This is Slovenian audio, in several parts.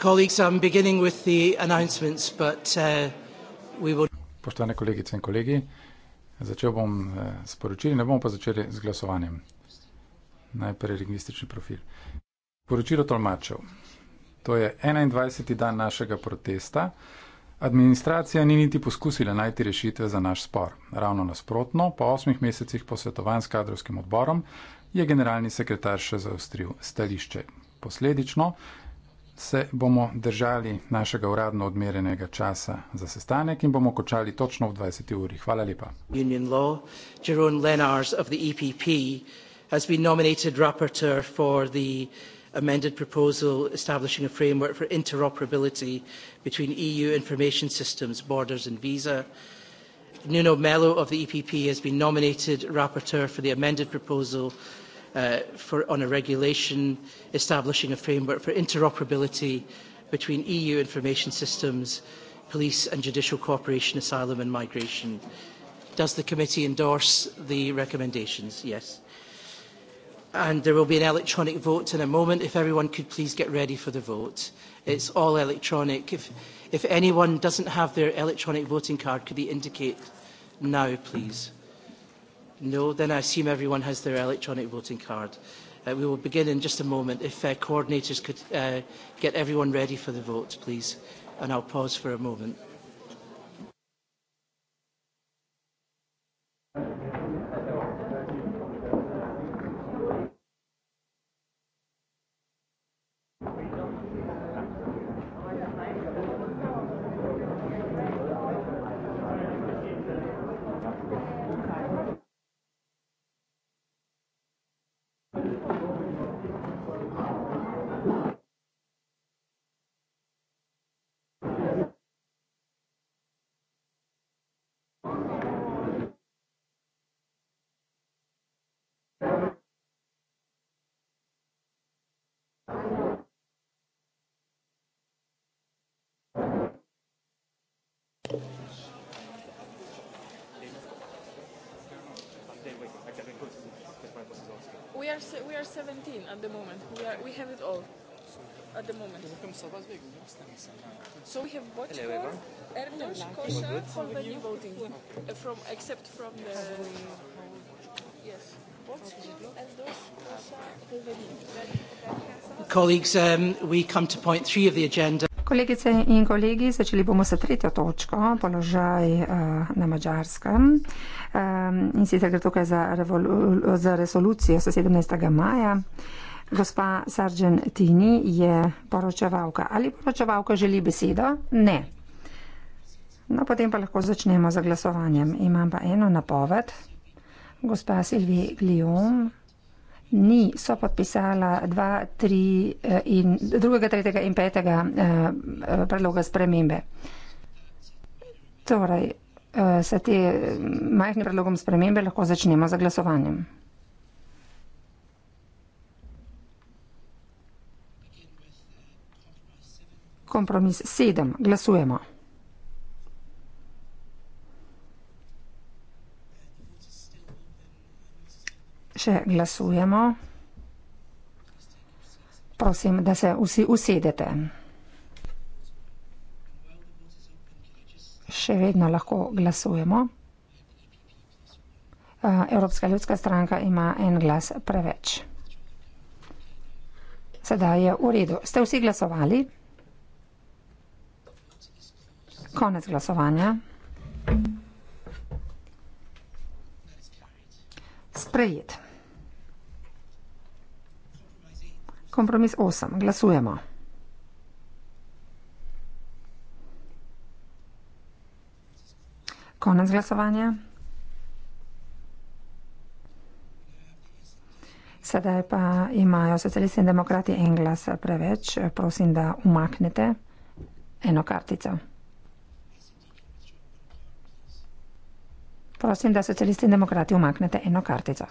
Colleagues, I'm beginning with the announcements, but uh, we will. Poštovane kolegice in kolegi, začel bom eh, s poročili, ne bomo pa začeli z glasovanjem. Najprej lingvistični profil. Poročilo tolmačev. To je 21. dan našega protesta. Administracija ni niti poskusila najti rešitve za naš spor. Ravno nasprotno, po osmih mesecih posvetovanj s kadrovskim odborom je generalni sekretar še zaostril stališče. Posledično se bomo držali našega uradno odmerenega časa za sestanek in bomo končali točno v 20. uri. Hvala lepa. Union Law, Jerome Lenars of the EPP has been nominated rapporteur for the amended proposal establishing a framework for interoperability between EU information systems, borders and visa. Nuno Mello of the EPP has been nominated rapporteur for the amended proposal uh, for, on a regulation establishing a framework for interoperability between EU information systems, police and judicial cooperation, asylum and migration. Does the committee endorse the recommendations? Yes. And there will be an electronic vote in a moment. If everyone could please get ready for the vote. It's all electronic. If, if anyone doesn't have their electronic voting card, could they indicate now, please? Mm -hmm. No, then I assume everyone has their electronic voting card. Uh, we will begin in just a moment. If uh, coordinators could uh, get everyone ready for the vote, please. And I'll pause for a moment. Thank you. are se we are 17 at the moment. We are we have it all at the moment. So we have bought Erdos, Kosha, all the new voting okay. from except from the yes. Colleagues, um, we come to point three of the agenda kolegice in kolegi, začeli bomo s tretjo točko, položaj uh, na Mačarskem. Um, ehm, in sicer gre tukaj za, za resolucijo z 17. maja. Gospa Sargent Tini je poročevalka. Ali poročevalka želi besedo? Ne. No, potem pa lahko začnemo z glasovanjem. Imam pa eno napoved. Gospa Silvi Gliom. Ni, so podpisala dva, eh, in, drugega, tretjega in petega eh, eh predloga spremembe. Torej, eh, sa te mm, majhne predlogom spremembe lahko začnemo za glasovanjem. Kompromis sedem. Glasujemo. Še glasujemo. Prosim, da se vsi usedete. Še vedno lahko glasujemo. Eh, Evropska ljudska stranka ima en glas preveč. Sedaj je v redu. Ste vsi glasovali? Konec glasovanja. Sprejet. Kompromis 8. Glasujemo. Konec glasovanja. Sedaj pa imajo socialisti in demokrati en glas preveč. Prosim, da umaknete eno kartico. Prosim, da socialisti in demokrati umaknete eno kartico.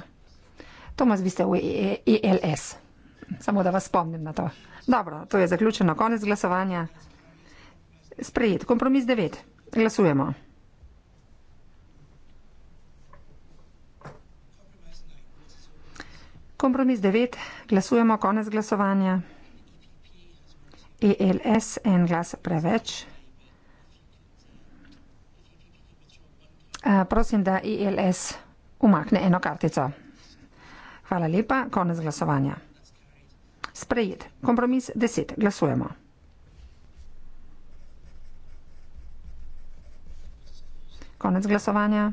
Tomas, vi ste v ILS. E e e e e e e e Samo da vas spomnim na to. Dobro, to je zaključeno. Konec glasovanja. Sprejet. Kompromis 9. Glasujemo. Kompromis 9. Glasujemo. Konec glasovanja. ELS. En glas preveč. Eh, prosim, da ELS umakne eno kartico. Hvala lepa. Konec glasovanja sprejet. Kompromis 10. Glasujemo. Konec glasovanja.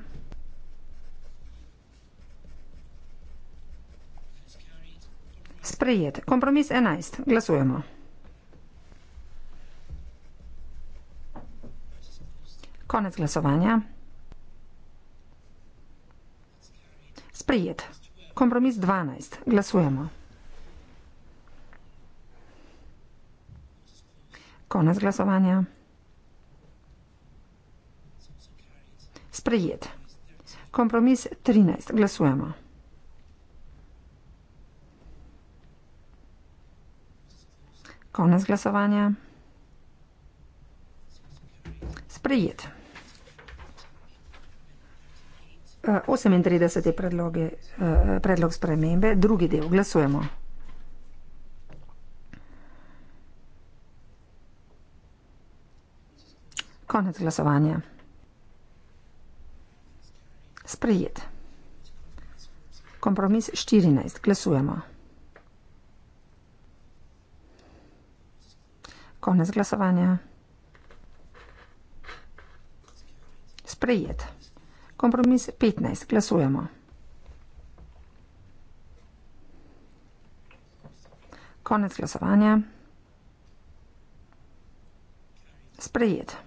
Sprejet. Kompromis 11. Glasujemo. Konec glasovanja. Sprejet. Kompromis 12. Glasujemo. Konec glasovanja. Sprejet. Kompromis 13. Glasujemo. Konec glasovanja. Sprejet. 38 eh, je eh, predlog spremembe, drugi del glasujemo. Konec glasovanja. Sprejet. Kompromis 14. Glasujemo. Konec glasovanja. Sprejet. Kompromis 15. Glasujemo. Konec glasovanja. Sprejet.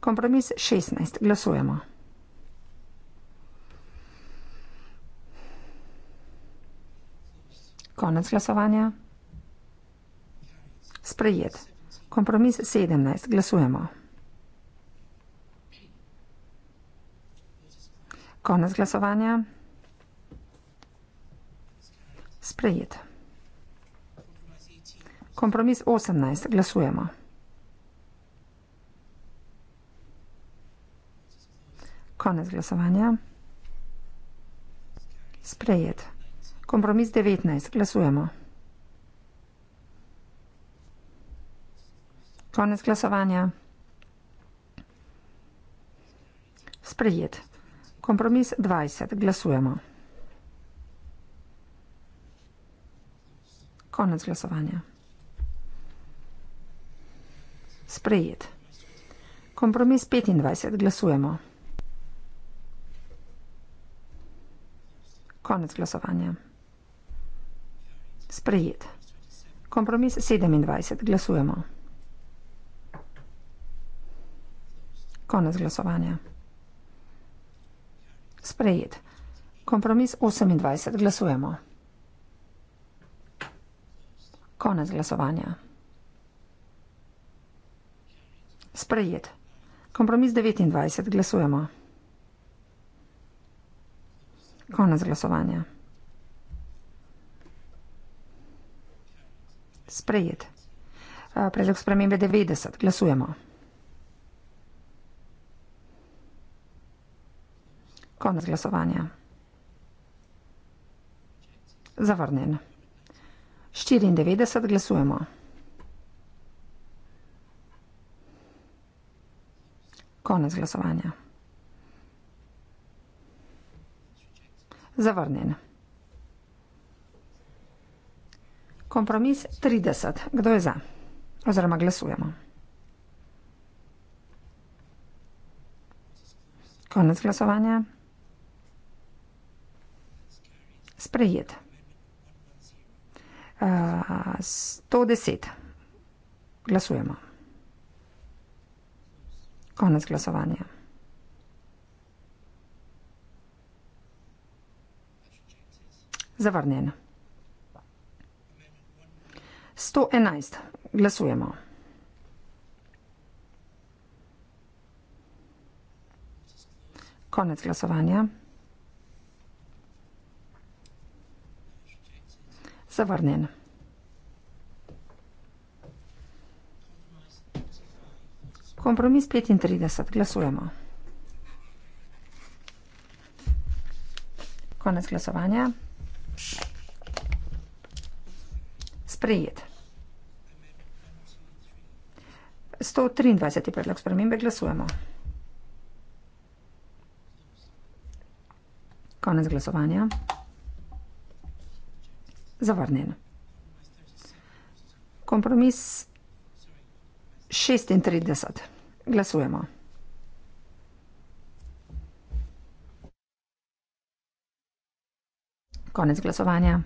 Kompromis 16. Glasujemo. Konec glasovanja. Sprejet. Kompromis 17. Glasujemo. Konec glasovanja. Sprejet. Kompromis 18. Glasujemo. Konec glasovanja. Sprejet. Kompromis 19. Glasujemo. Konec glasovanja. Sprejet. Kompromis 20. Glasujemo. Konec glasovanja. Sprejet. Kompromis 25. Glasujemo. Konec glasovanja. Sprejet. Kompromis 27. Glasujemo. Konec glasovanja. Sprejet. Kompromis 28. Glasujemo. Konec glasovanja. Sprejet. Kompromis 29. Glasujemo. Konec glasovanja. Sprejet. Predlog spremembe 90. Glasujemo. Konec glasovanja. Zavrnen. 94. Glasujemo. Konec glasovanja. Zavrnjen. Kompromis 30. Kdo je za? Oziroma glasujemo. Konec glasovanja. Sprejet. 110. Glasujemo. Konec glasovanja. Zavrnjen. 111. Glasujemo. Konec glasovanja. Zavrnjen. 35. Glasujemo. Konec glasovanja. sprejet. 123. predlog spremembe glasujemo. Konec glasovanja. Zavrnjen. Kompromis 36. Glasujemo. Konec glasovanja.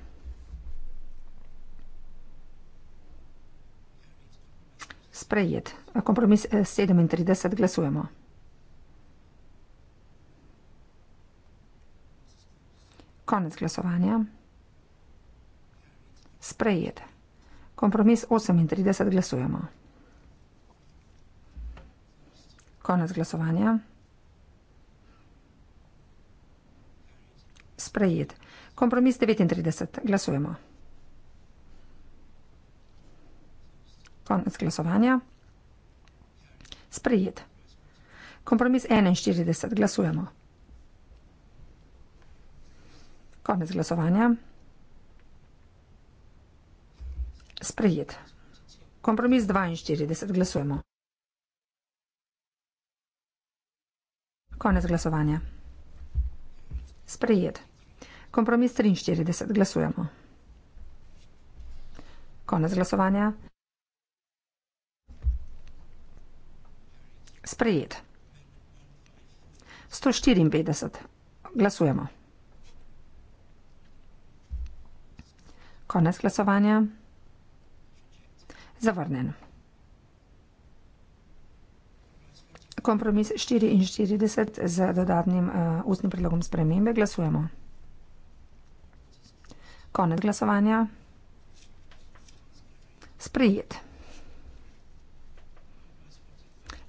sprejet. Kompromis 37 eh, glasujemo. Konec glasovanja. Sprejet. Kompromis 38 glasujemo. Konec glasovanja. Sprejet. Kompromis 39 glasujemo. konec glasovanja. Sprejet. Kompromis 41. Glasujemo. Konec glasovanja. Sprejet. Kompromis 42. Glasujemo. Konec glasovanja. Sprejet. Kompromis 43. Glasujemo. Konec glasovanja. sprejet. 154. Glasujemo. Konec glasovanja. Zavrnen. Kompromis 44 z dodatnim uh, ustnim predlogom spremembe. Glasujemo. Konec glasovanja. Sprejet.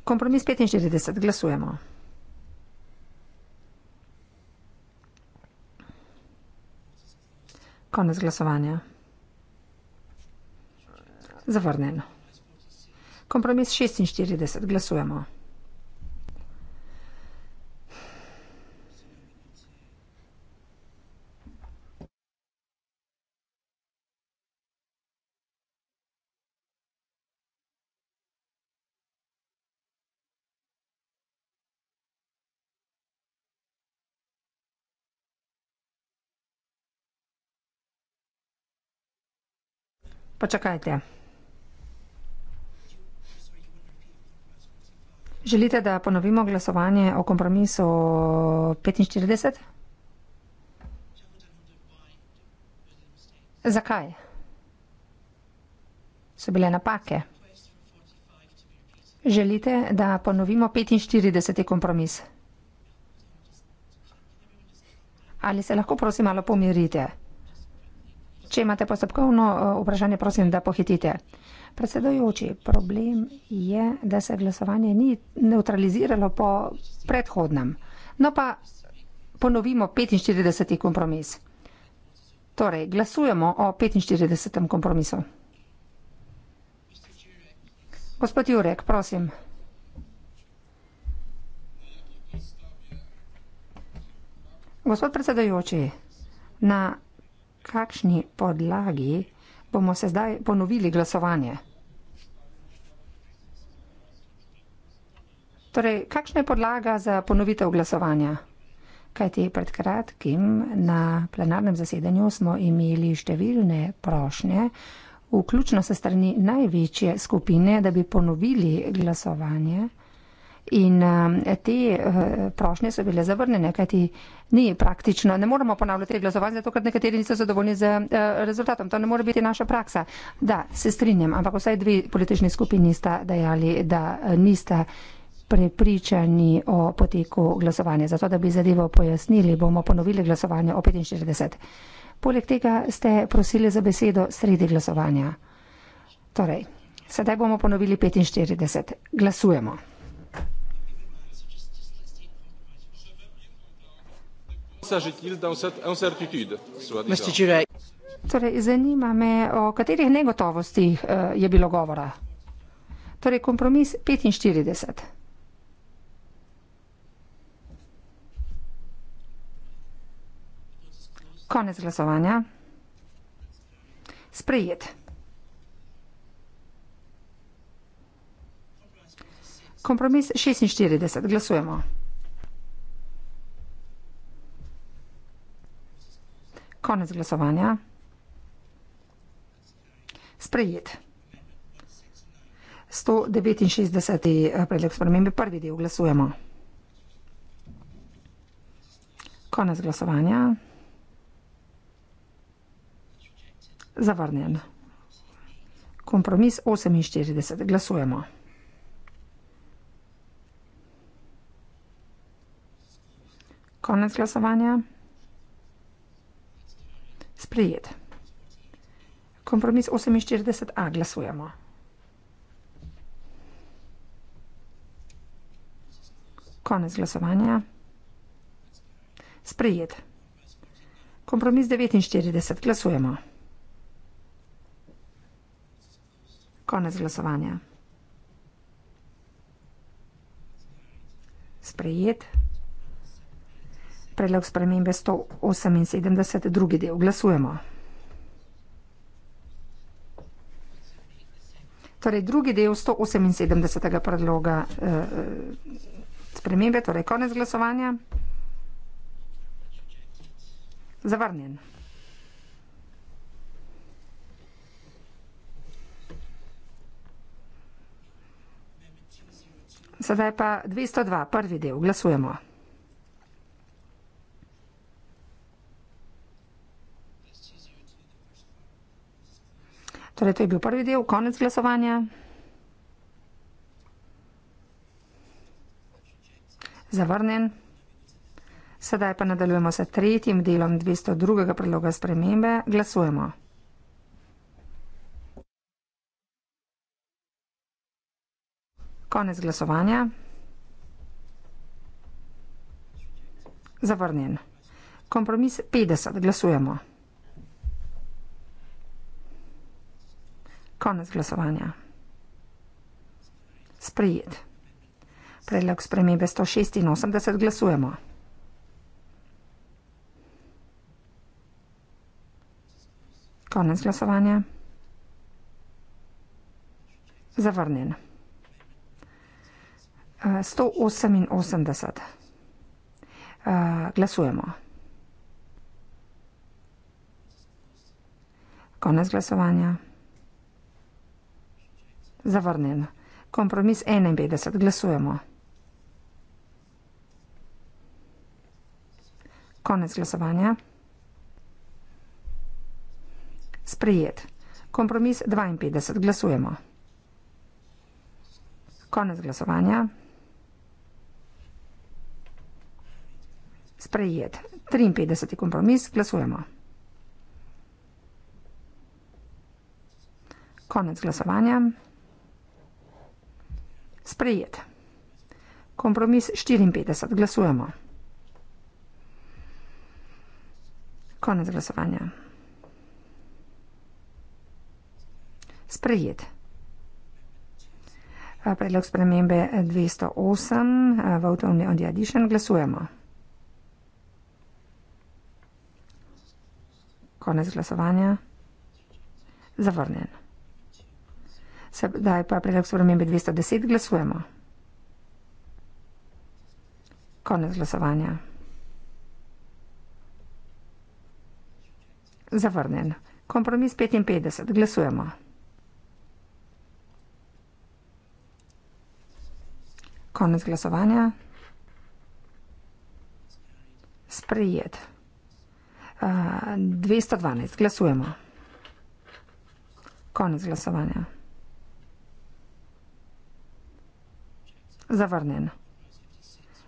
Kompromis 45. Glasujemo. Konec glasovanja. Zavrnjeno. Kompromis 46. Glasujemo. Počakajte. Želite, da ponovimo glasovanje o kompromisu 45? Zakaj? So bile napake. Želite, da ponovimo 45. kompromis? Ali se lahko prosim malo pomirite? Če imate postopkovno eh, vprašanje, prosim, da pohitite. Predsedujoči, problem je, da se glasovanje ni neutraliziralo po predhodnem. No pa ponovimo 45. kompromis. Torej, glasujemo o 45. kompromisu. Gospod Jurek, prosim. Gospod predsedujoči, na kakšni podlagi bomo se zdaj ponovili glasovanje. Torej, kakšna je podlaga za ponovitev glasovanja? Kajti pred kratkim na plenarnem zasedanju smo imeli številne prošnje, vključno se strani največje skupine, da bi ponovili glasovanje. In eh, te eh, prošnje so bile zavrnjene, kajti ni praktično. Ne moremo ponavljati glasovanja, zato ker nekateri niso zadovoljni z eh, rezultatom. To ne more biti naša praksa. Da, se strinjam, ampak vsaj dve politični skupini sta dejali, da nista prepričani o poteku glasovanja. Zato, da bi zadevo pojasnili, bomo ponovili glasovanje o 45. Poleg tega ste prosili za besedo sredi glasovanja. Torej, sedaj bomo ponovili 45. Glasujemo. S'agit-il dans cette incertitude Torej, zanima me, o katerih negotovostih eh, uh, je bilo govora. Torej, kompromis 45. Konec glasovanja. Sprejet. Kompromis 46. Glasujemo. Konec glasovanja. Sprejet. 169. Eh, predlog spremembe, prvi del glasujemo. Konec glasovanja. Zavrnjen. Kompromis 48. Glasujemo. Konec glasovanja. Sprejet. Kompromis 48a glasujemo. Konec glasovanja. Sprejet. Kompromis 49 glasujemo. Konec glasovanja. Sprejet. Predlog spremembe 178, drugi del. Glasujemo. Torej, drugi del 178. predloga eh, eh, spremembe, torej konec glasovanja. Zavrnjen. Sedaj pa 202, prvi del. Glasujemo. Torej, to je bil prvi del, konec glasovanja. Zavrnen. Sedaj pa nadaljujemo s tretjim delom 202. predloga spremembe. Glasujemo. Konec glasovanja. Zavrnen. Kompromis 50. Glasujemo. Konec glasovanja. Sprijet. Predlog spremembe 186 glasujemo. Konec glasovanja. Zavrnjen. 188. Eh, eh, glasujemo. Konec glasovanja. Zavrnjen. Kompromis 51. Glasujemo. Konec glasovanja. Sprejet. Kompromis 52. Glasujemo. Konec glasovanja. Sprejet. 53. kompromis. Glasujemo. Konec glasovanja. Sprejet. Kompromis 54. Glasujemo. Konec glasovanja. Sprejet. Predlog spremembe 208. Votovni on the addition. Glasujemo. Konec glasovanja. Zavrnjen. Sedaj pa predlog spremembe 210 glasujemo. Konec glasovanja. Zavrnen. Kompromis 55. Glasujemo. Konec glasovanja. Sprejet. Uh, 212. Glasujemo. Konec glasovanja. Zavrnjen.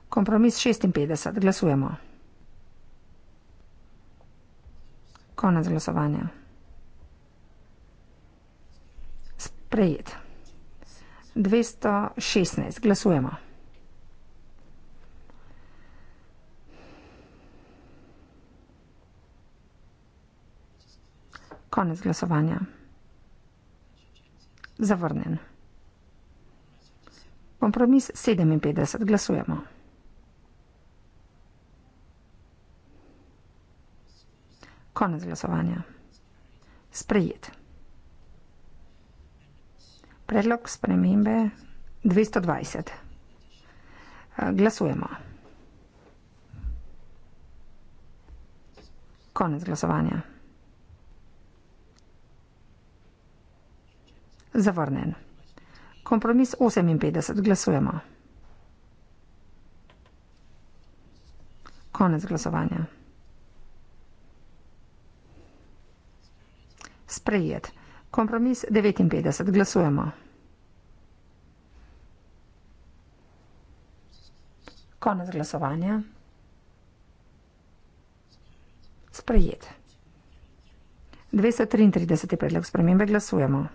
Kompromis 56. Glasujemo. Konec glasovanja. Sprejet. 216. Glasujemo. Konec glasovanja. Zavrnjen. Kompromis 57. Glasujemo. Konec glasovanja. Sprejet. Predlog spremembe 220. Glasujemo. Konec glasovanja. Zavrnen. Kompromis 58. Glasujemo. Konec glasovanja. Sprejet. Kompromis 59. Glasujemo. Konec glasovanja. Sprejet. 233. predlog spremembe glasujemo.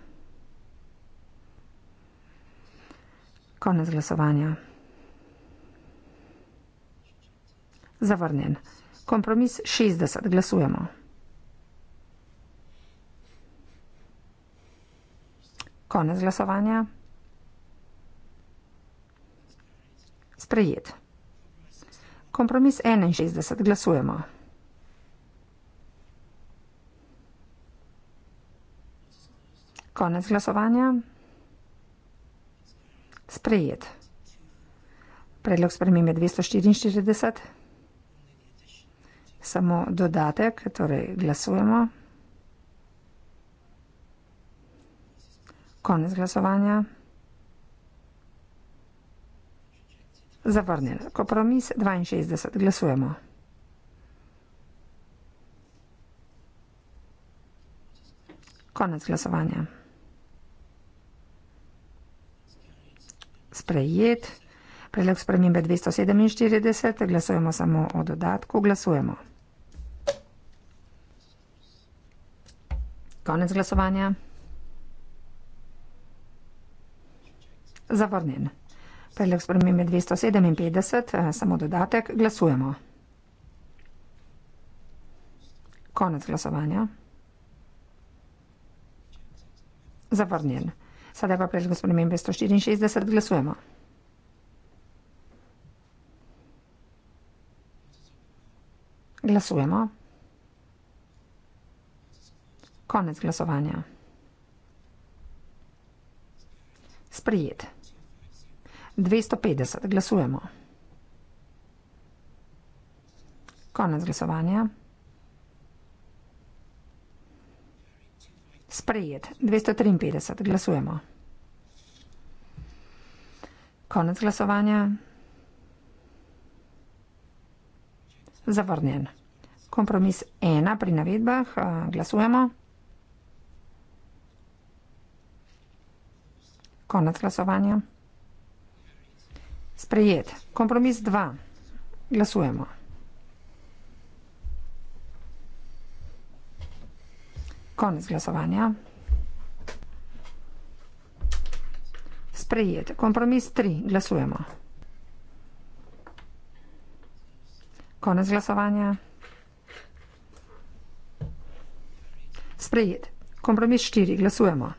Konec glasovanja. Zavrnen. Kompromis 60. Glasujemo. Konec glasovanja. Sprejet. Kompromis 61. Glasujemo. Konec glasovanja sprejet. Predlog spremembe 244. Samo dodatek, torej glasujemo. Konec glasovanja. Zavrnil. Kompromis 62. Glasujemo. Konec glasovanja. sprejet. Predlog spremembe 247, glasujemo samo o dodatku, glasujemo. Konec glasovanja. Zavrnen. Predlog spremembe 257, samo dodatek, glasujemo. Konec glasovanja. Zavrnjen. Sedaj pa prejšnjo spremembe 164 glasujemo. Glasujemo. Konec glasovanja. Sprijet. 250. Glasujemo. Konec glasovanja. Sprejet. 253. Glasujemo. Konec glasovanja. Zavrnjen. Kompromis 1 pri navedbah. Glasujemo. Konec glasovanja. Sprejet. Kompromis 2. Glasujemo. Konec glasovanja. Sprejet. Kompromis 3. Glasujemo. Konec glasovanja. Sprejet. Kompromis 4. Glasujemo.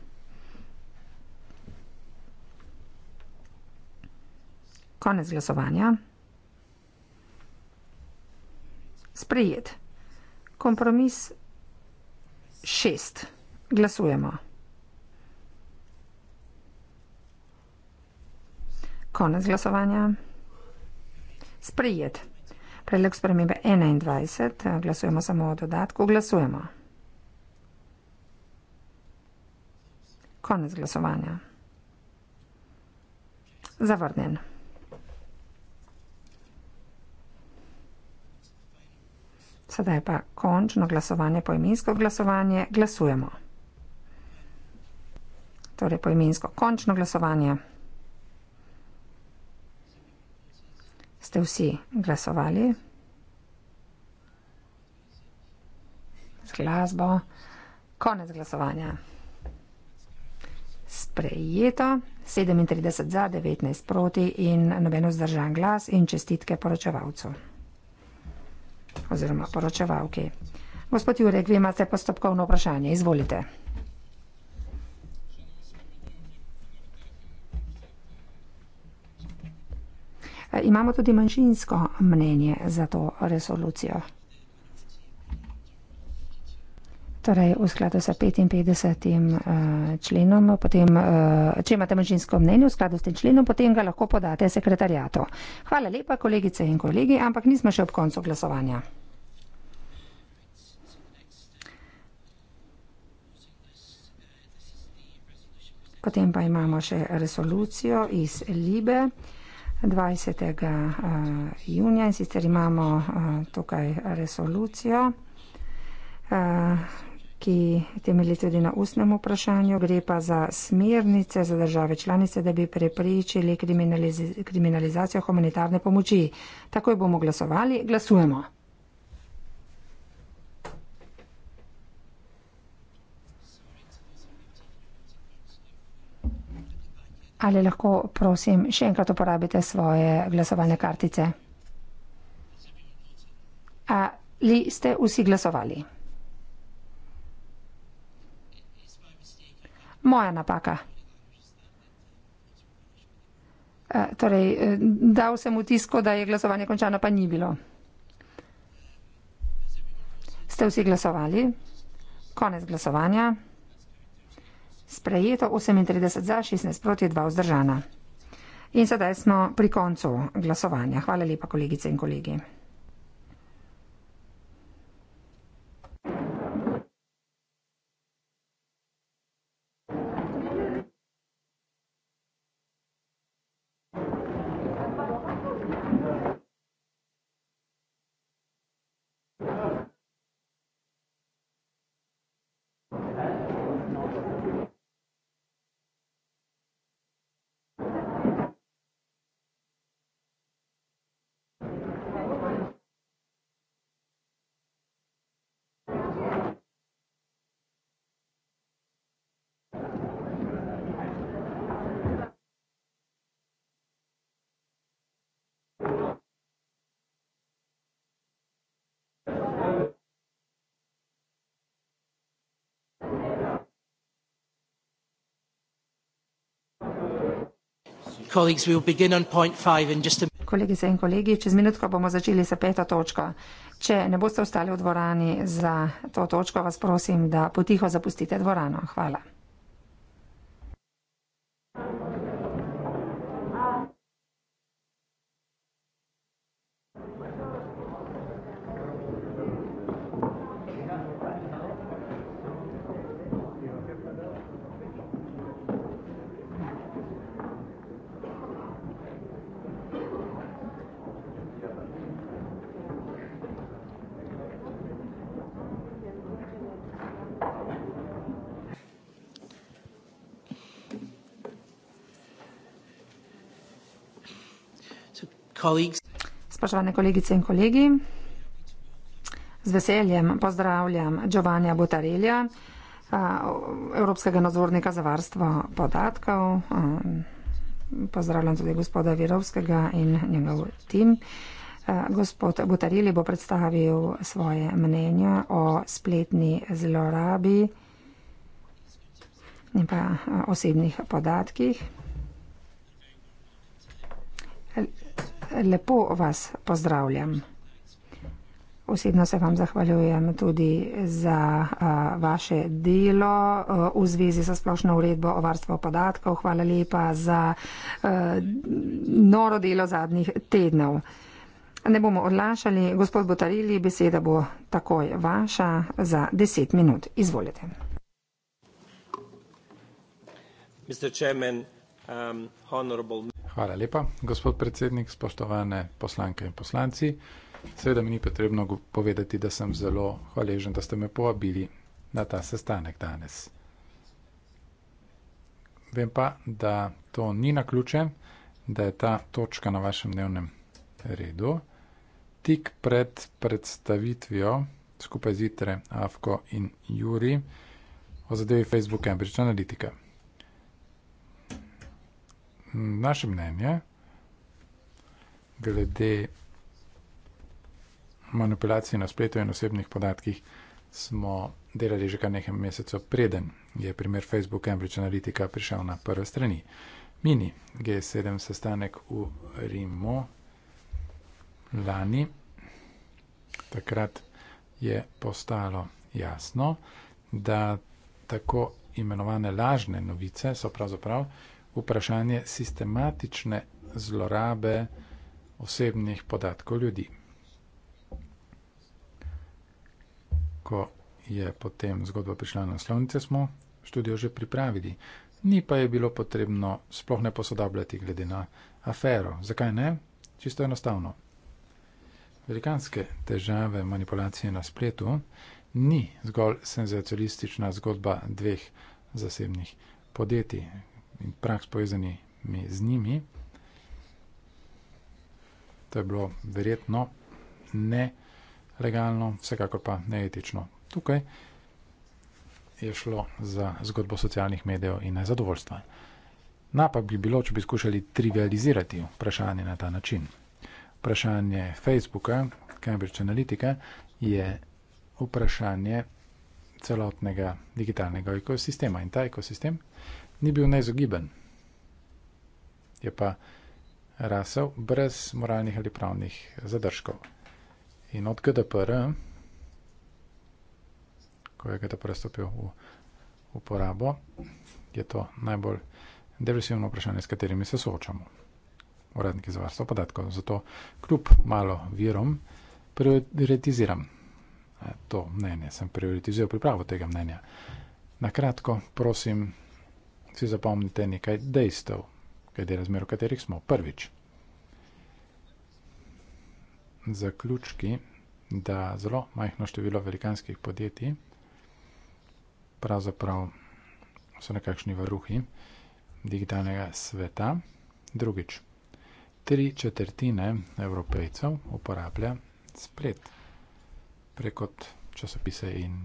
Konec glasovanja. Sprejet. Kompromis 4. 6. Glasujemo. Konec glasovanja. Sprijet. Predlog spremembe 21. Glasujemo samo o dodatku. Glasujemo. Konec glasovanja. Zavrnjen. Sedaj pa končno glasovanje, poimensko glasovanje, glasujemo. Torej poimensko končno glasovanje. Ste vsi glasovali? Z glasbo. Konec glasovanja. Sprejeto. 37 za, 19 proti in nobeno zdržan glas in čestitke poročevalcu oziroma poročevalki. Gospod Jurek, vi imate postopkovno vprašanje, izvolite. E, imamo tudi manjšinsko mnenje za to resolucijo. Torej, v skladu s 55. Eh, členom, potem, eh, če imate manjšinsko mnenje v skladu s tem členom, potem ga lahko podate sekretarjato. Hvala lepa, kolegice in kolegi, ampak nismo še ob koncu glasovanja. Potem pa imamo še resolucijo iz Libe 20. Eh, junija in sicer imamo tukaj resolucijo ki temelji tudi na ustnem vprašanju, gre pa za smernice za države članice, da bi preprečili kriminaliz kriminalizacijo humanitarne pomoči. Takoj bomo glasovali, glasujemo. Ali lahko, prosim, še enkrat uporabite svoje glasovalne kartice? Ali ste vsi glasovali? moja napaka. E, torej, e, dal sem vtisko, da je glasovanje končano, pa ni bilo. Ste vsi glasovali? Konec glasovanja. Sprejeto 38 za, 16 proti 2 vzdržana. In sedaj smo pri koncu glasovanja. Hvala lepa, kolegice in kolegi. Kolegice in kolegi, čez minutko bomo začeli s peto točko. Če ne boste ostali v dvorani za to točko, vas prosim, da potiho zapustite dvorano. Hvala. Spoštovane kolegice in kolegi, z veseljem pozdravljam Giovanni Botarelja, Evropskega nadzornika za varstvo podatkov. Pozdravljam tudi gospoda Virovskega in njegov tim. Gospod Botarelji bo predstavil svoje mnenje o spletni zlorabi in pa osebnih podatkih. lepo vas pozdravljam. Osebno se vam zahvaljujem tudi za uh, vaše delo uh, v zvezi sa splošno uredbo o varstvu podatkov. Hvala lepa za uh, noro delo zadnjih tednov. Ne bomo odlašali. Gospod Botarili, beseda bo takoj vaša za deset minut. Izvolite. Mr. Chairman, um, Hvala lepa, gospod predsednik, spoštovane poslanke in poslanci. Seveda mi ni potrebno povedati, da sem zelo hvaležen, da ste me povabili na ta sestanek danes. Vem pa, da to ni na ključe, da je ta točka na vašem dnevnem redu. Tik pred predstavitvijo skupaj z Itre, Avko in Juri o zadevi Facebooka Cambridge Analytica naše mnenje glede manipulacije na spletu in osebnih podatkih smo delali že kar nekaj mesecev preden je primer Facebook Cambridge Analytica prišel na prve strani. Mini G7 sestanek v Rimu lani. Takrat je postalo jasno, da tako imenovane lažne novice so pravzaprav vprašanje sistematične zlorabe osebnih podatkov ljudi. Ko je potem zgodba prišla na slovnice, smo študijo že pripravili. Ni pa je bilo potrebno sploh ne posodabljati glede na afero. Zakaj ne? Čisto enostavno. Velikanske težave manipulacije na spletu ni zgolj senzacionalistična zgodba dveh zasebnih podjetij, in praks povezanimi z njimi. To je bilo verjetno ne legalno, vsekakor pa neetično. Tukaj je šlo za zgodbo socialnih medijev in nezadovoljstva. Napak bi bilo, če bi skušali trivializirati vprašanje na ta način. Vprašanje Facebooka, Cambridge Analytica, je vprašanje celotnega digitalnega ekosistema in ta ekosistem ni bil neizogiben. Je pa rasel brez moralnih ali pravnih zadržkov. In od GDPR, ko je GDPR stopil v uporabo, je to najbolj depresivno vprašanje, s katerim se soočamo. Uradniki za varstvo podatkov. Zato kljub malo virom prioritiziram eh, to mnenje. Sem prioritiziral pripravo tega mnenja. Na kratko, prosim, si zapomnite nekaj dejstev, glede razmer, v katerih smo. Prvič, zaključki, da zelo majhno število velikanskih podjetij, pravzaprav so nekakšni varuhi digitalnega sveta. Drugič, tri četrtine evropejcev uporablja splet preko časopise in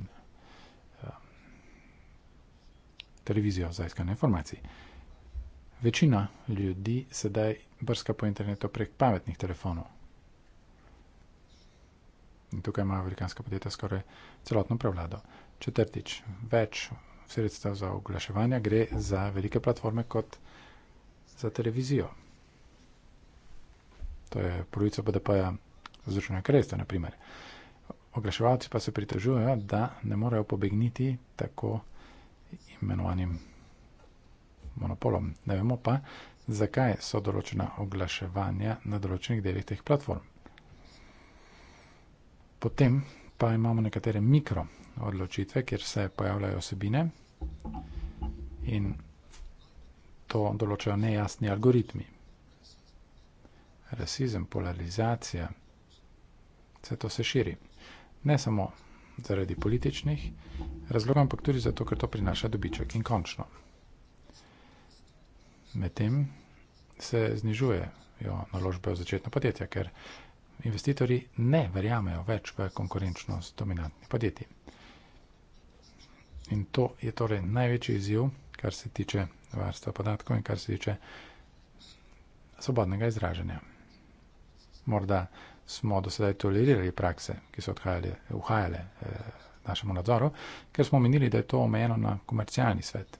televizijo za iskanje informacij. Večina ljudi sedaj brska po internetu prek pametnih telefonov. In tukaj imajo velikanska podjetja skoraj celotno prevlado. Četrtič, več sredstev za oglaševanje gre za velike platforme kot za televizijo. To je polovica BDP-ja Združenja kraljestva, na primer. Oglaševalci pa se pritožujejo, da ne morejo pobegniti tako imenovanim monopolom. Ne vemo pa, zakaj so določena oglaševanja na določenih delih teh platform. Potem pa imamo nekatere mikro odločitve, kjer se pojavljajo osebine in to določajo nejasni algoritmi. Rasizem, polarizacija, vse to se širi. Ne samo zaradi političnih razlogov, ampak tudi zato, ker to prinaša dobiček in končno. Medtem se znižujejo naložbe v začetno podjetje, ker investitorji ne verjamejo več v konkurenčnost dominantnih podjetij. In to je torej največji izziv, kar se tiče varstva podatkov in kar se tiče svobodnega izražanja. Morda smo do sedaj tolerirali prakse, ki so odhajale, uhajale eh, našemu nadzoru, ker smo menili, da je to omejeno na komercialni svet.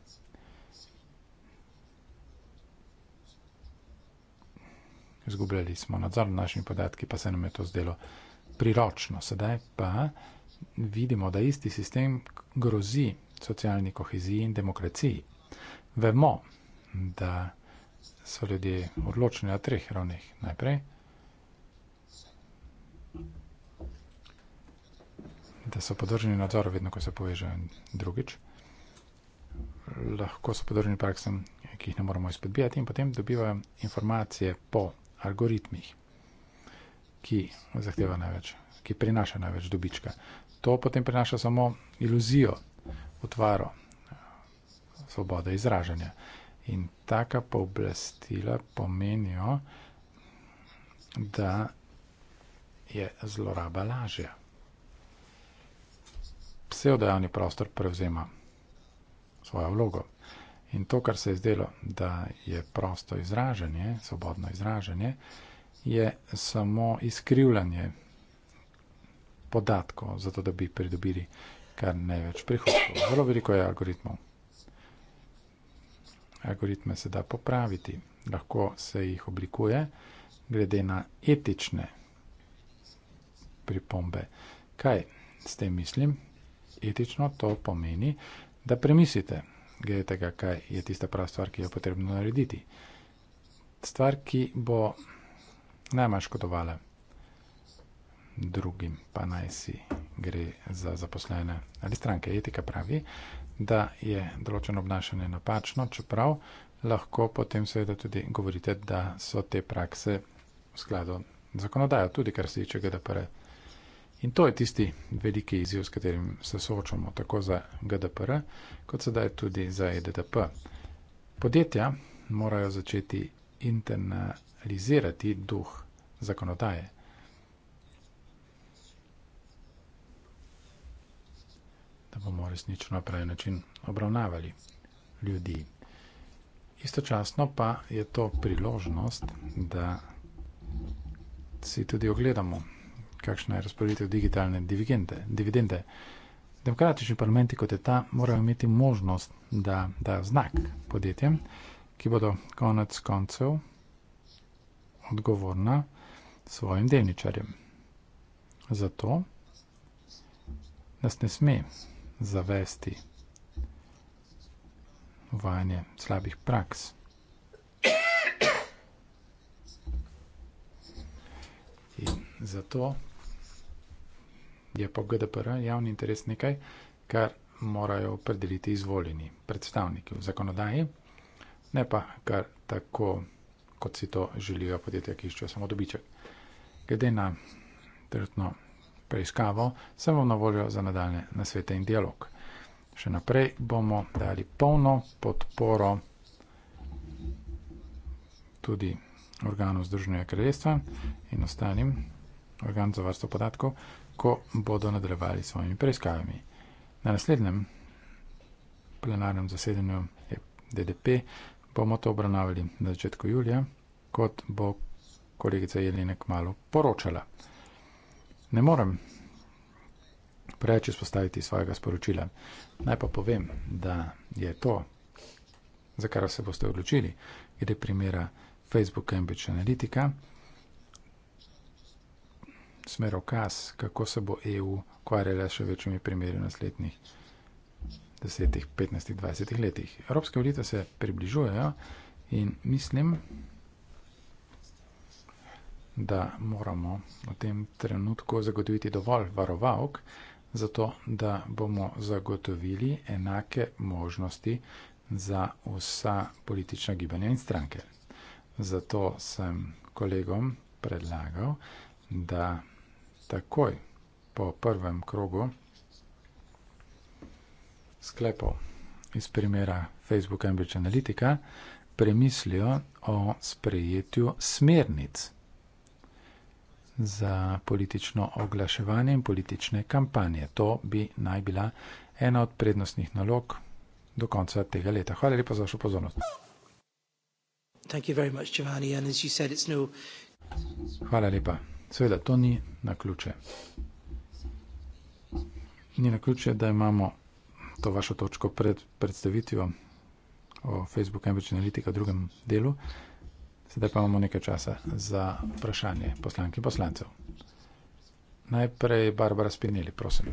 Izgubljali smo nadzor nad našimi podatki, pa se nam je to zdelo priročno. Sedaj pa vidimo, da isti sistem grozi socialni koheziji in demokraciji. Vemo, da so ljudje odločeni na treh ravneh. Najprej da so podrženi nadzoru, vedno ko se povežejo drugič. Lahko so podrženi praksam, ki jih ne moramo izpodbijati, in potem dobivajo informacije po algoritmih, ki zahteva največ, ki prinaša največ dobička. To potem prinaša samo iluzijo, utvaro, svobode izražanja. In taka pooblastila pomenijo, da je zloraba lažja vesel, da javni prostor prevzema svojo vlogo. In to, kar se je zdelo, da je prosto izražanje, svobodno izražanje, je samo izkrivljanje podatkov, zato da bi pridobili kar največ prihodkov. Zelo veliko je algoritmov. Algoritme se da popraviti, lahko se jih oblikuje glede na etične pripombe. Kaj s tem mislim? etično, to pomeni, da premislite, glede tega, kaj je tista prava stvar, ki jo je potrebno narediti. Stvar, ki bo najmanj škodovala drugim, pa naj si gre za zaposlene ali stranke. Etika pravi, da je določeno obnašanje napačno, čeprav lahko potem seveda tudi govorite, da so te prakse v skladu zakonodajo, tudi kar se tiče GDPR. -e. In to je tisti veliki izziv, s katerim se soočamo tako za GDPR, kot sedaj tudi za EDDP. Podjetja morajo začeti internalizirati duh zakonodaje. Da bomo resnično na pravi način obravnavali ljudi. Istočasno pa je to priložnost, da si tudi ogledamo kakšna je razporeditev digitalne dividende. dividende. Demokratični parlamenti kot je ta morajo imeti možnost, da dajo znak podjetjem, ki bodo konec koncev odgovorna svojim delničarjem. Zato nas ne sme zavesti uvajanje slabih praks. In zato je po GDPR javni interes nekaj, kar morajo predeliti izvoljeni predstavniki v zakonodaji, ne pa kar tako, kot si to želijo podjetja, ki iščejo samo dobiček. Glede na trenutno preiskavo, sem vam na voljo za nadaljne nasvete in dialog. Še naprej bomo dali polno podporo tudi organu Združenja kraljestva in ostalim organom za varstvo podatkov, ko bodo nadaljevali svojimi preiskavami. Na naslednjem plenarnem zasedanju DDP bomo to obravnavali na začetku julija, kot bo kolegica Jelina kmalo poročala. Ne morem preveč izpostaviti svojega sporočila. Naj pa povem, da je to, za kar se boste odločili, glede primera Facebook Cambridge Analytica smerokaz, kako se bo EU ukvarjala še večjimi primeri v naslednjih 10, 15, 20 letih. Evropske volitve se približujejo in mislim, da moramo v tem trenutku zagotoviti dovolj varovalk, zato da bomo zagotovili enake možnosti za vsa politična gibanja in stranke. Zato sem kolegom predlagal, da takoj po prvem krogu sklepov iz primera Facebook Cambridge Analytica premislijo o sprejetju smernic za politično oglaševanje in politične kampanje. To bi naj bila ena od prednostnih nalog do konca tega leta. Hvala lepa za vašo pozornost. No- Hvala lepa. Seveda, to ni na ključe. Ni na ključe, da imamo to vašo točko pred predstavitvijo o Facebook Cambridge Analytica v drugem delu. Sedaj pa imamo nekaj časa za vprašanje poslank in poslancev. Najprej Barbara Spinelli, prosim.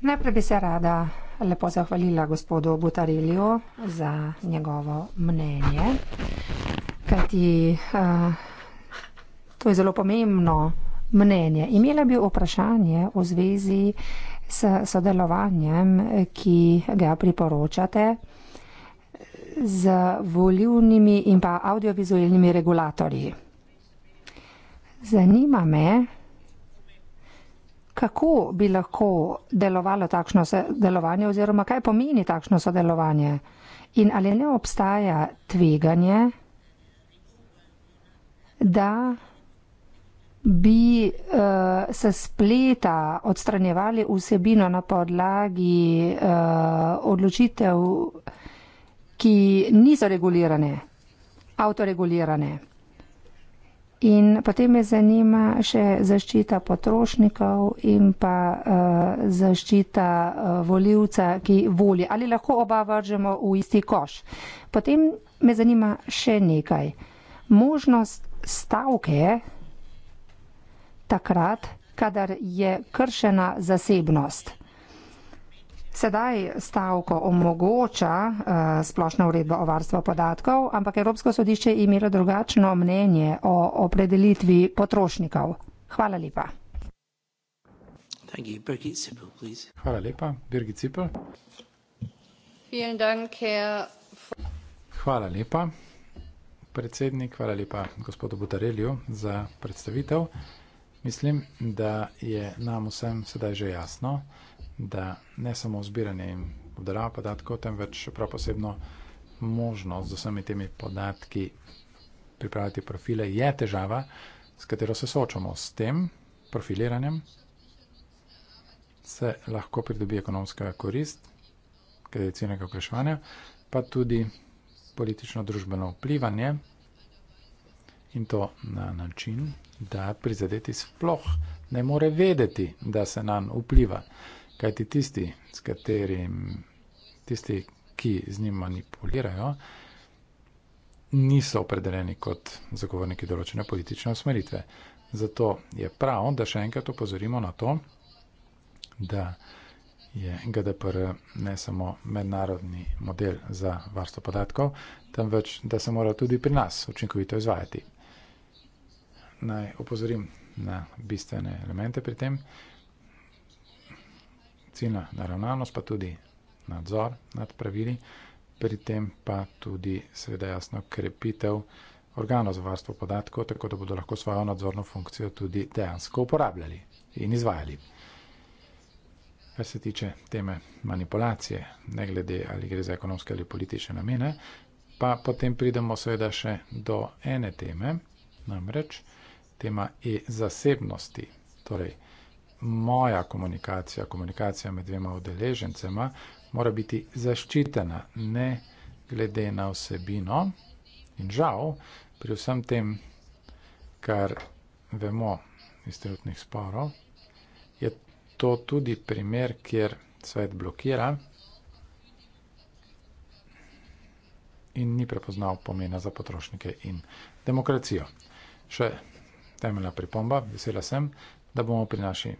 Najprej bi se rada lepo zahvalila gospodu Butarilju za njegovo mnenje kajti eh, to je zelo pomembno mnenje. Imela bi vprašanje v zvezi s sodelovanjem, ki ga priporočate z volivnimi in pa audiovizualnimi regulatorji. Zanima me, kako bi lahko delovalo takšno sodelovanje oziroma kaj pomeni takšno sodelovanje in ali ne obstaja tveganje, da bi uh, eh, se spleta odstranjevali vsebino na podlagi uh, odločitev, ki niso regulirane, avtoregulirane. In potem me zanima še zaščita potrošnikov in pa uh, zaščita uh, voljivca, ki voli. Ali lahko oba vržemo v isti koš? Potem me zanima še nekaj. Možnost stavke takrat, kadar je kršena zasebnost. Sedaj stavko omogoča uh, splošna uredba o varstvu podatkov, ampak Evropsko sodišče je imelo drugačno mnenje o opredelitvi potrošnikov. Hvala lepa. Hvala lepa, Birgit Cipel. Hvala lepa predsednik, hvala lepa gospodu Butarelju za predstavitev. Mislim, da je nam vsem sedaj že jasno, da ne samo zbiranje in obdelava podatkov, temveč prav posebno možnost z vsemi temi podatki pripraviti profile je težava, s katero se soočamo s tem profiliranjem. Se lahko pridobi ekonomska korist, glede ciljnega vprašanja, pa tudi politično družbeno vplivanje in to na način, da prizadeti sploh ne more vedeti, da se nam vpliva. Kajti tisti, s katerim, tisti, ki z njim manipulirajo, niso opredeljeni kot zagovorniki določene politične usmeritve. Zato je prav, da še enkrat opozorimo na to, da je GDPR ne samo mednarodni model za varstvo podatkov, temveč da se mora tudi pri nas učinkovito izvajati. Naj opozorim na bistvene elemente pri tem. Ciljna naravnanost pa tudi nadzor nad pravili, pri tem pa tudi seveda jasno krepitev organov za varstvo podatkov, tako da bodo lahko svojo nadzorno funkcijo tudi dejansko uporabljali in izvajali kar se tiče teme manipulacije, ne glede ali gre za ekonomske ali politične namene, pa potem pridemo seveda še do ene teme, namreč tema e zasebnosti. Torej, moja komunikacija, komunikacija med dvema udeležencema, mora biti zaščitena, ne glede na vsebino. In žal, pri vsem tem, kar vemo iz trenutnih sporov, je to tudi primer, kjer svet blokira in ni prepoznal pomena za potrošnike in demokracijo. Še temeljna pripomba, vesela sem, da bomo pri naši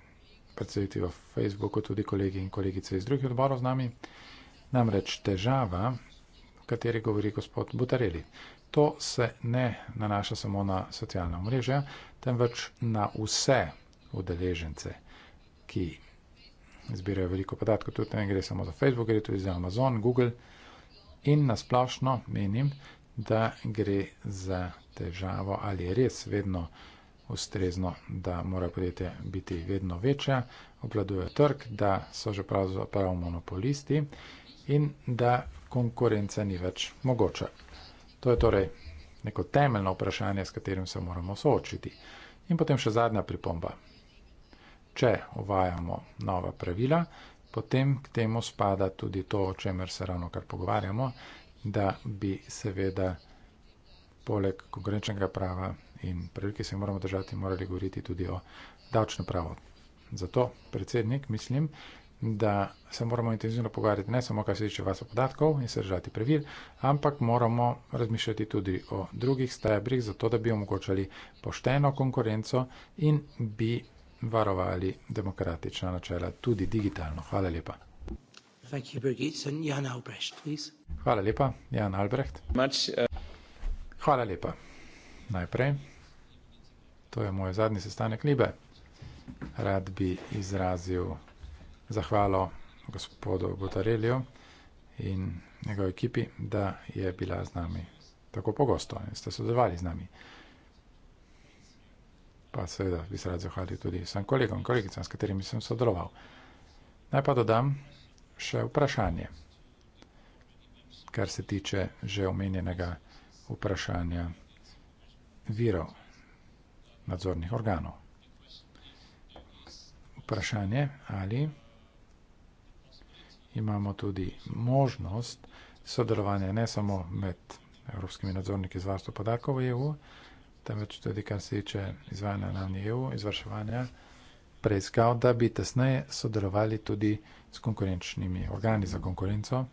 predsedniki v Facebooku tudi kolegi in kolegice iz drugih odborov z nami, namreč težava, o kateri govori gospod Butareli. To se ne nanaša samo na socialna mreža, temveč na vse udeležence ki zbirajo veliko podatkov, tudi ne gre samo za Facebook, gre tudi za Amazon, Google in nasplošno menim, da gre za težavo ali je res vedno ustrezno, da mora podjetje biti vedno večja, obladuje trg, da so že pravzaprav monopolisti in da konkurenca ni več mogoča. To je torej neko temeljno vprašanje, s katerim se moramo soočiti. In potem še zadnja pripomba če uvajamo nova pravila, potem k temu spada tudi to, o čemer se ravno kar pogovarjamo, da bi seveda poleg konkurenčnega prava in pravil, ki se moramo držati, morali govoriti tudi o davčno pravo. Zato, predsednik, mislim, da se moramo intenzivno pogovarjati ne samo, kar se tiče vaso podatkov in se držati pravil, ampak moramo razmišljati tudi o drugih stebrih, zato da bi omogočali pošteno konkurenco in bi varovali demokratična načela, tudi digitalno. Hvala lepa. Hvala lepa, Jan Albrecht. Uh, Hvala lepa. Najprej, to je moj zadnji sestanek Libe. Rad bi izrazil zahvalo gospodu Butareliju in njegovi ekipi, da je bila z nami tako pogosto in ste sodelovali z nami pa seveda bi se rad zahvalil tudi vsem kolegom in kolegicam, s katerimi sem sodeloval. Naj pa dodam še vprašanje, kar se tiče že omenjenega vprašanja virov nadzornih organov. Vprašanje, ali imamo tudi možnost sodelovanja ne samo med evropskimi nadzorniki z varstvo podatkov v EU, temveč tudi kar se tiče izvajanja na EU, izvrševanja preiskav, da bi tesneje sodelovali tudi s konkurenčnimi organi za konkurenco.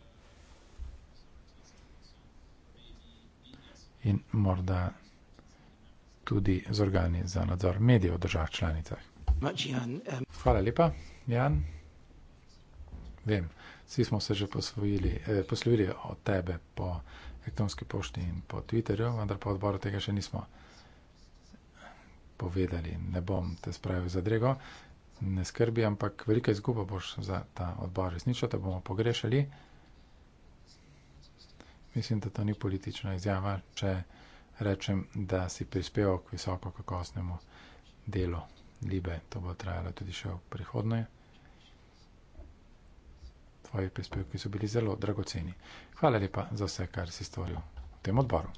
In morda tudi z organi za nadzor medijev v državah članicah. Hvala lepa, Jan. Vem, vsi smo se že posvojili, eh, poslovili od tebe po elektronski pošti in po Twitterju, vendar pa odboru tega še nismo povedali. Ne bom te spravil za drego, ne skrbi, ampak velika izguba boš za ta odbor resničil, da bomo pogrešali. Mislim, da to ni politična izjava, če rečem, da si prispeval k visoko kakosnemu delu Libe. To bo trajalo tudi še v prihodnje. Tvoji prispevki so bili zelo dragoceni. Hvala lepa za vse, kar si storil v tem odboru.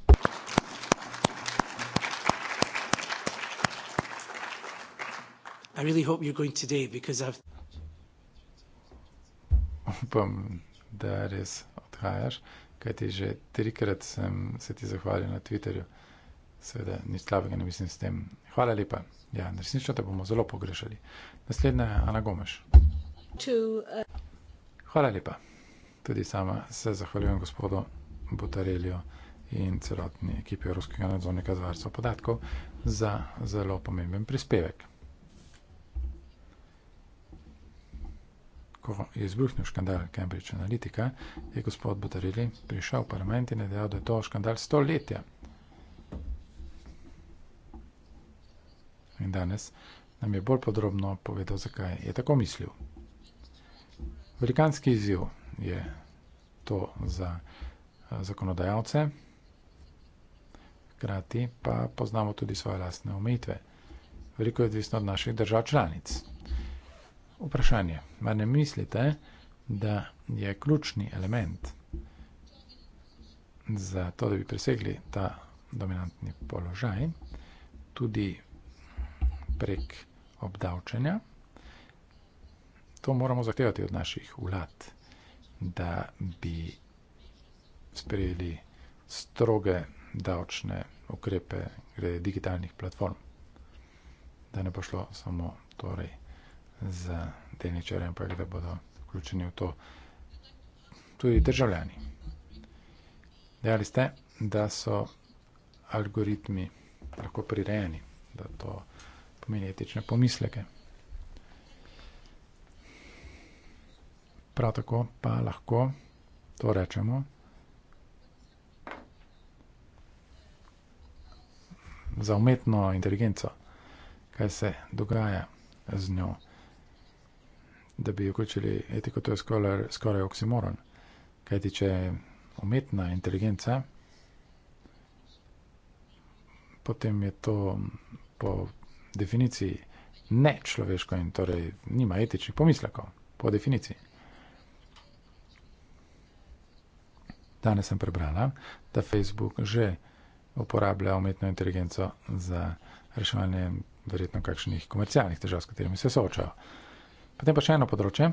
I really hope you're going today because I've. Upam, da res odhajaš, kaj ti že trikrat sem se ti zahvalil na Twitterju. Seveda, nič slabega ne mislim s tem. Hvala lepa. Ja, resnično te bomo zelo pogrešali. Naslednja je Ana Gomeš. Eh, Hvala lepa. Tudi sama se zahvaljujem gospodu Butareljo in celotni ekipi Evropskega nadzornika za varstvo podatkov za zelo pomemben prispevek. ko je izbruhnil škandal Cambridge Analytica, je gospod Botarili prišel v parlament in je dejal, da je to škandal stoletja. In danes nam je bolj podrobno povedal, zakaj je tako mislil. Velikanski izziv je to za eh, zakonodajalce, hkrati pa poznamo tudi svoje lastne omejitve. Veliko je odvisno od naših držav članic vprašanje. Mar ne mislite, da je ključni element za to, da bi presegli ta dominantni položaj, tudi prek obdavčenja? To moramo zahtevati od naših vlad, da bi sprejeli stroge davčne ukrepe glede digitalnih platform, da ne bo šlo samo torej za delničarje, ampak da bodo vključeni v to tudi državljani. Dejali ste, da so algoritmi lahko prirejeni, da to pomeni etične pomisleke. Prav tako pa lahko to rečemo, za umetno inteligenco, kaj se dogaja z njo da bi vključili etiko, to je skoraj, skoraj oksimoron. Kaj tiče umetna inteligenca, potem je to po definiciji nečloveško in torej nima etičnih pomislekov, po definiciji. Danes sem prebrala, da Facebook že uporablja umetno inteligenco za reševanje verjetno kakšnih komercialnih težav, s katerimi se soočajo. Potem pa še eno področje,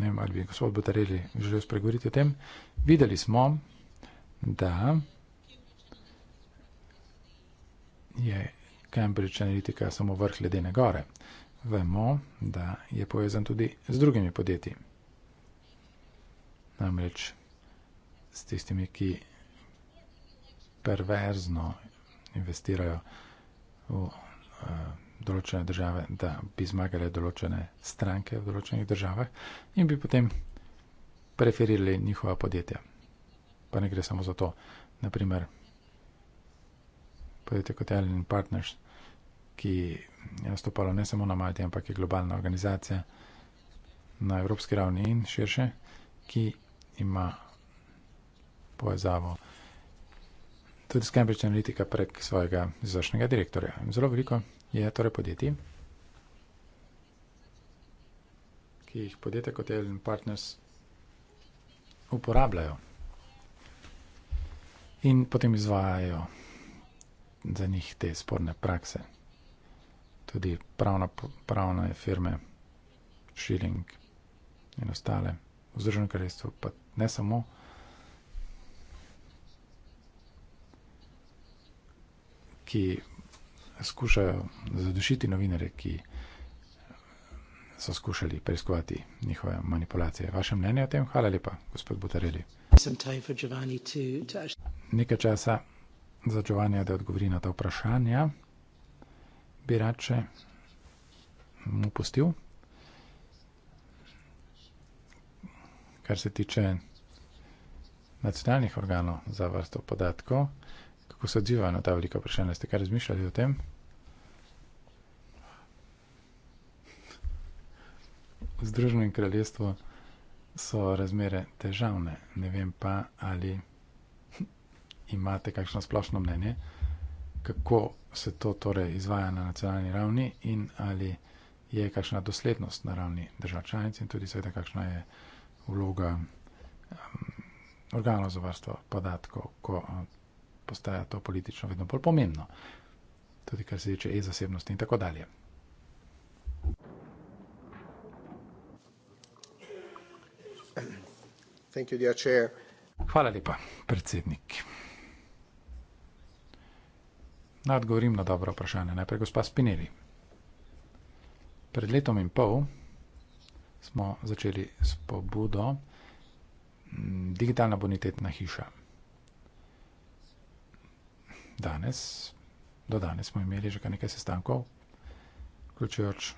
ne vem, ali bi gospod Batareli želel spregovoriti o tem. Videli smo, da je Cambridge Analytica samo vrh ledene gore. Vemo, da je povezan tudi z drugimi podjetji. Namreč s tistimi, ki perverzno investirajo v. Uh, določene države, da bi zmagale določene stranke v določenih državah in bi potem preferirali njihova podjetja. Pa ne gre samo za to. Naprimer, podjetje kot Alien Partners, ki je nastopalo ne samo na Malti, ampak je globalna organizacija na evropski ravni in širše, ki ima povezavo tudi s Cambridge Analytica prek svojega izvršnega direktorja. Zelo veliko je torej podjetij, ki jih podjetje kot Elden Partners uporabljajo in potem izvajajo za njih te sporne prakse. Tudi pravna, pravna je firme, Schilling in ostale, v Združenem kraljestvu pa ne samo. Ki skušajo zadušiti novinare, ki so skušali preiskovati njihove manipulacije. Vaše mnenje o tem? Hvala lepa, gospod Butareli. To, to... Nekaj časa za Giovanija, da odgovori na ta vprašanja, bi rače mu pustil. Kar se tiče nacionalnih organov za varstvo podatkov, kako se odziva na ta velika vprašanja. Ste kaj razmišljali o tem? V Združenem kraljestvu so razmere težavne. Ne vem pa, ali imate kakšno splošno mnenje, kako se to torej izvaja na nacionalni ravni in ali je kakšna doslednost na ravni držav članic in tudi seveda kakšna je vloga um, organov za varstvo podatkov, ko um, postaja to politično vedno bolj pomembno, tudi kar se tiče e-zasebnosti in tako dalje. Thank you, Hvala lepa, predsednik. Naj odgovorim na dobro vprašanje. Najprej gospa Spinelli. Pred letom in pol smo začeli s pobudo Digitalna bonitetna hiša danes, do danes smo imeli že kar nekaj sestankov, vključujoč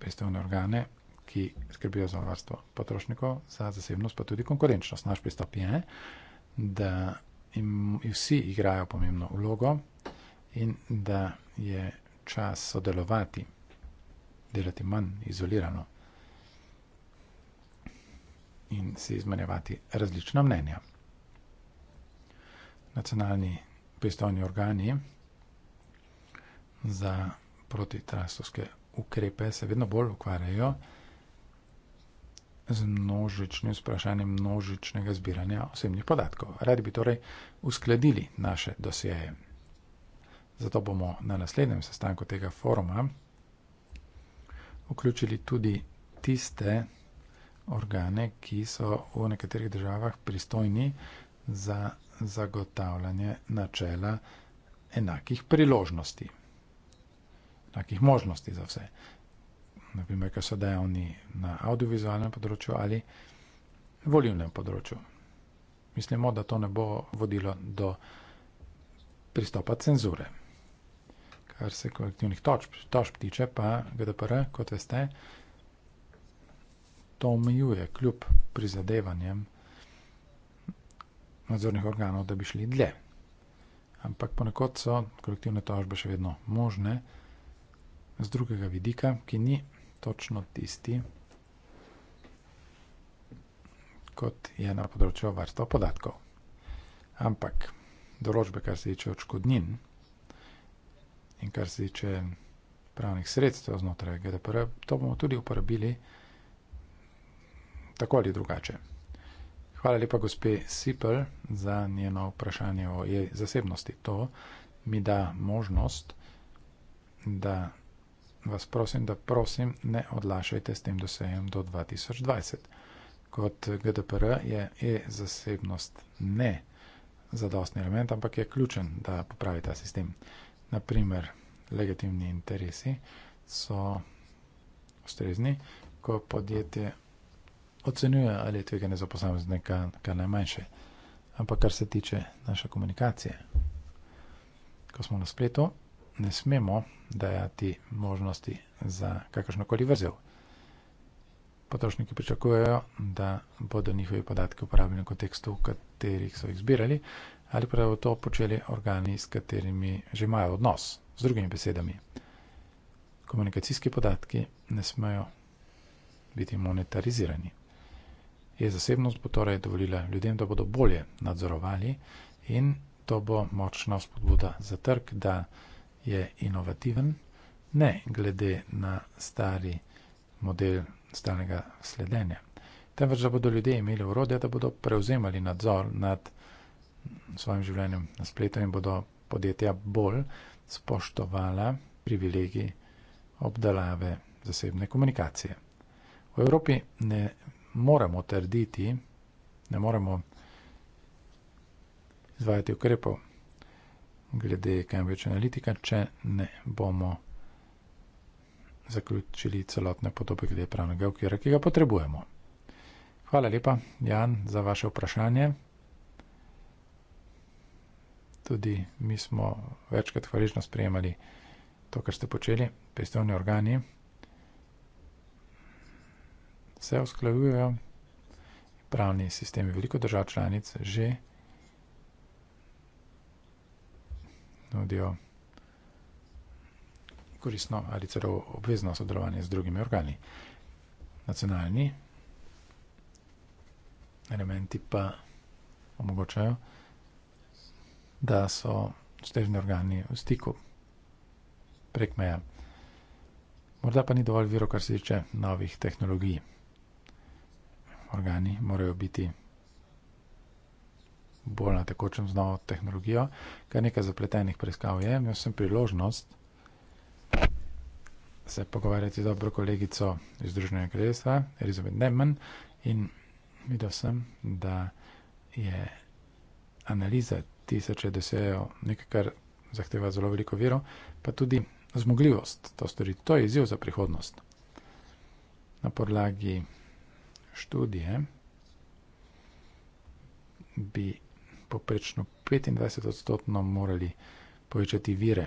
pristojne organe, ki skrbijo za varstvo potrošnikov, za zasebnost, pa tudi konkurenčnost. Naš pristop je, da jim vsi igrajo pomembno vlogo in da je čas sodelovati, delati manj izolirano in si izmenjevati različna mnenja. Nacionalni pristojni organi za protitrastovske ukrepe se vedno bolj ukvarjajo z množičnim vprašanjem množičnega zbiranja osebnih podatkov. Radi bi torej uskladili naše dosjeje. Zato bomo na naslednjem sestanku tega foruma vključili tudi tiste organe, ki so v nekaterih državah pristojni za zagotavljanje načela enakih priložnosti, enakih možnosti za vse. Naprimer, kar so dejavni na audiovizualnem področju ali volivnem področju. Mislimo, da to ne bo vodilo do pristopa cenzure. Kar se kolektivnih točb, točb tiče, pa GDPR, kot veste, to omejuje kljub prizadevanjem nadzornih organov, da bi šli dlje. Ampak ponekod so kolektivne tožbe še vedno možne z drugega vidika, ki ni točno tisti, kot je na področju varstva podatkov. Ampak določbe, kar se tiče odškodnin in kar se tiče pravnih sredstev znotraj GDPR, to bomo tudi uporabili tako ali drugače. Hvala lepa, gospe Sipel, za njeno vprašanje o jej zasebnosti. To mi da možnost, da vas prosim, da prosim, ne odlašajte s tem dosejem do 2020. Kot GDPR je e-zasebnost ne zadostni element, ampak je ključen, da popravi ta sistem. Naprimer, legitimni interesi so ustrezni, ko podjetje ocenjuje, ali je tveganje za posameznika kar najmanjše. Ampak kar se tiče naše komunikacije, ko smo na spletu, ne smemo dajati možnosti za kakršnokoli vrzel. Potrošniki pričakujejo, da bodo njihovi podatki uporabljeni v kontekstu, v katerih so jih zbirali, ali pa da bodo to počeli organi, s katerimi že imajo odnos, z drugimi besedami. Komunikacijski podatki ne smejo biti monetarizirani je zasebnost bo torej dovolila ljudem, da bodo bolje nadzorovali in to bo močna spodbuda za trg, da je inovativen, ne glede na stari model stalnega sledenja. Temveč, da bodo ljudje imeli urodje, da bodo prevzemali nadzor nad svojim življenjem na spletu in bodo podjetja bolj spoštovala privilegij obdelave zasebne komunikacije. V Evropi ne moramo trditi, ne moramo izvajati ukrepov glede Cambridge Analytica, če ne bomo zaključili celotne podobe glede pravnega okvira, ki ga potrebujemo. Hvala lepa, Jan, za vaše vprašanje. Tudi mi smo večkrat hvaležno sprejemali to, kar ste počeli, pristovni organi se usklajujejo. Pravni sistemi veliko držav članic že nudijo koristno ali celo obvezno sodelovanje z drugimi organi. Nacionalni elementi pa omogočajo, da so ustrežni organi v stiku prek meja. Morda pa ni dovolj viro, kar se tiče novih tehnologij organi morajo biti bolj na tekočem z novo tehnologijo, kar nekaj zapletenih preiskav je. Imel sem priložnost se pogovarjati z dobro kolegico iz Združenja kraljestva, Elizabeth Neman, in videl sem, da je analiza tisoče dosejo nekaj, kar zahteva zelo veliko vero, pa tudi zmogljivost to storiti. To je izziv za prihodnost. Na podlagi študije bi poprečno 25 odstotno morali povečati vire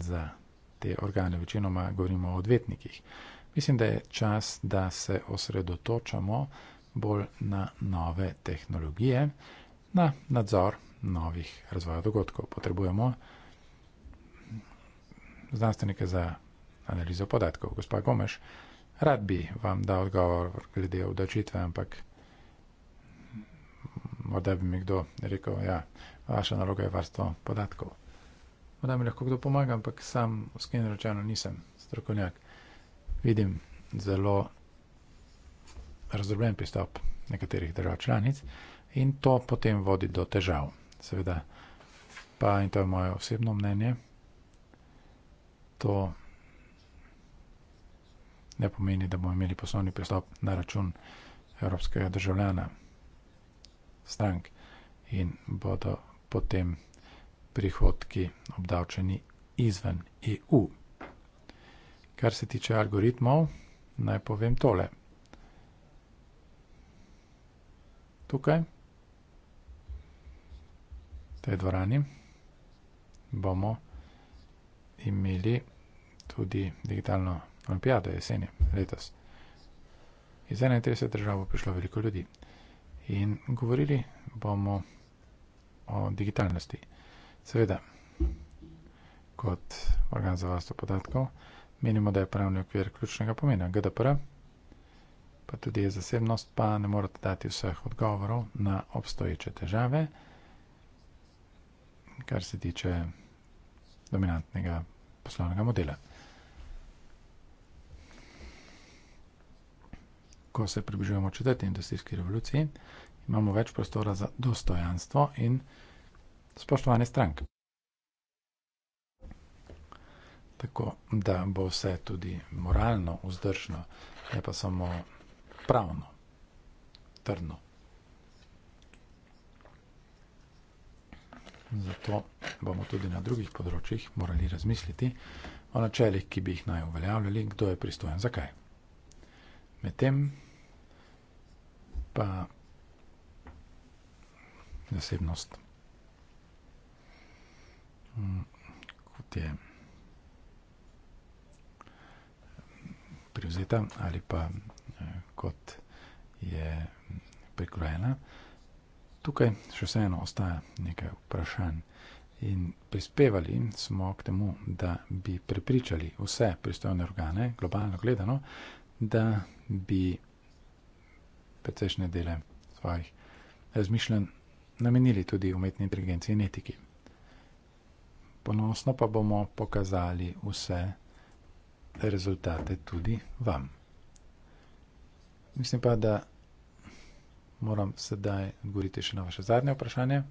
za te organe. Večinoma govorimo o odvetnikih. Mislim, da je čas, da se osredotočamo bolj na nove tehnologije, na nadzor novih razvoja dogodkov. Potrebujemo znanstvenike za analizo podatkov. Gospa Gomeš, Rad bi vam dal odgovor glede obdavčitve, ampak morda bi mi kdo rekel, ja, vaša naloga je varstvo podatkov. Morda mi lahko kdo pomaga, ampak sam v skenu računa nisem strokovnjak. Vidim zelo razdrobljen pristop nekaterih držav članic in to potem vodi do težav. Seveda, pa in to je moje osebno mnenje, to ne pomeni, da bomo imeli poslovni pristop na račun evropskega državljana, strank in bodo potem prihodki obdavčeni izven EU. Kar se tiče algoritmov, naj povem tole. Tukaj, v tej dvorani, bomo imeli tudi digitalno algoritmo, olimpijada jeseni letos. Iz 31 držav bo prišlo veliko ljudi. In govorili bomo o digitalnosti. Seveda, kot organ za varstvo podatkov, menimo, da je pravni okvir ključnega pomena. GDPR, pa tudi je zasebnost, pa ne morete dati vseh odgovorov na obstoječe težave, kar se tiče dominantnega poslovnega modela. ko se približujemo četrti industrijski revoluciji, imamo več prostora za dostojanstvo in spoštovanje strank. Tako da bo vse tudi moralno vzdržno, ne pa samo pravno, trdno. Zato bomo tudi na drugih področjih morali razmisliti o načelih, ki bi jih naj uveljavljali, kdo je pristojen za kaj. Medtem pa zasebnost, mm, kot je privzeta ali pa eh, kot je prikrojena, tukaj še vseeno ostaja nekaj vprašanj. In prispevali smo k temu, da bi prepričali vse pristojne organe, globalno gledano, da bi precejšnje dele svojih razmišljanj namenili tudi umetni inteligenci in etiki. Ponosno pa bomo pokazali vse rezultate tudi vam. Mislim pa, da moram sedaj odgovoriti še na vaše zadnje vprašanje.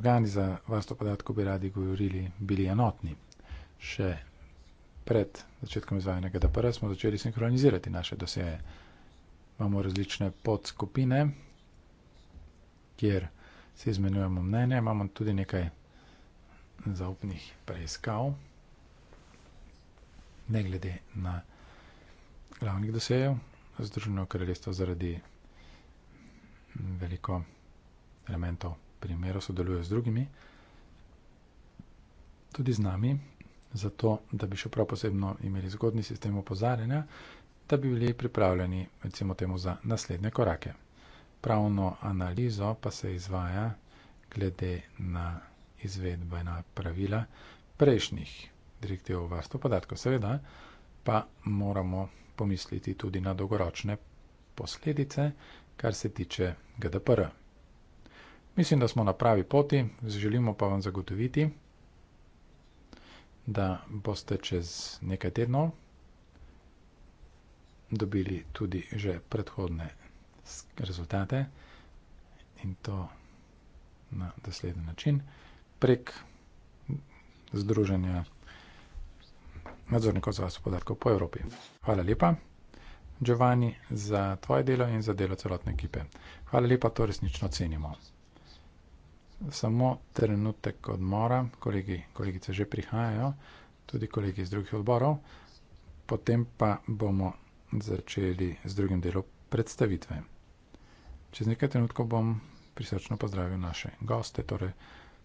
Organi za varstvo podatkov bi radi govorili, bili enotni. Še pred začetkom izvajanja GDPR smo začeli sinhronizirati naše dosjeje. Imamo različne podskupine, kjer se izmenjujemo mnenje, imamo tudi nekaj zaupnih preiskav, ne glede na glavnih dosjejev Združeno kraljestvo zaradi veliko elementov primerov sodeluje z drugimi, tudi z nami, zato da bi še prav posebno imeli zgodni sistem opozarjanja, da bi bili pripravljeni recimo temu za naslednje korake. Pravno analizo pa se izvaja glede na izvedbena pravila prejšnjih direktiv varstva podatkov. Seveda pa moramo pomisliti tudi na dolgoročne posledice, kar se tiče GDPR. Mislim, da smo na pravi poti, želimo pa vam zagotoviti, da boste čez nekaj tednov dobili tudi že predhodne rezultate in to na dosleden način prek Združenja nadzornikov za vas podatkov po Evropi. Hvala lepa, Giovanni, za tvoje delo in za delo celotne ekipe. Hvala lepa, to resnično cenimo samo trenutek odmora, kolegi, kolegice že prihajajo, tudi kolegi iz drugih odborov, potem pa bomo začeli z drugim delom predstavitve. Čez nekaj trenutkov bom prisrčno pozdravil naše goste, torej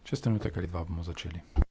čez trenutek ali dva bomo začeli.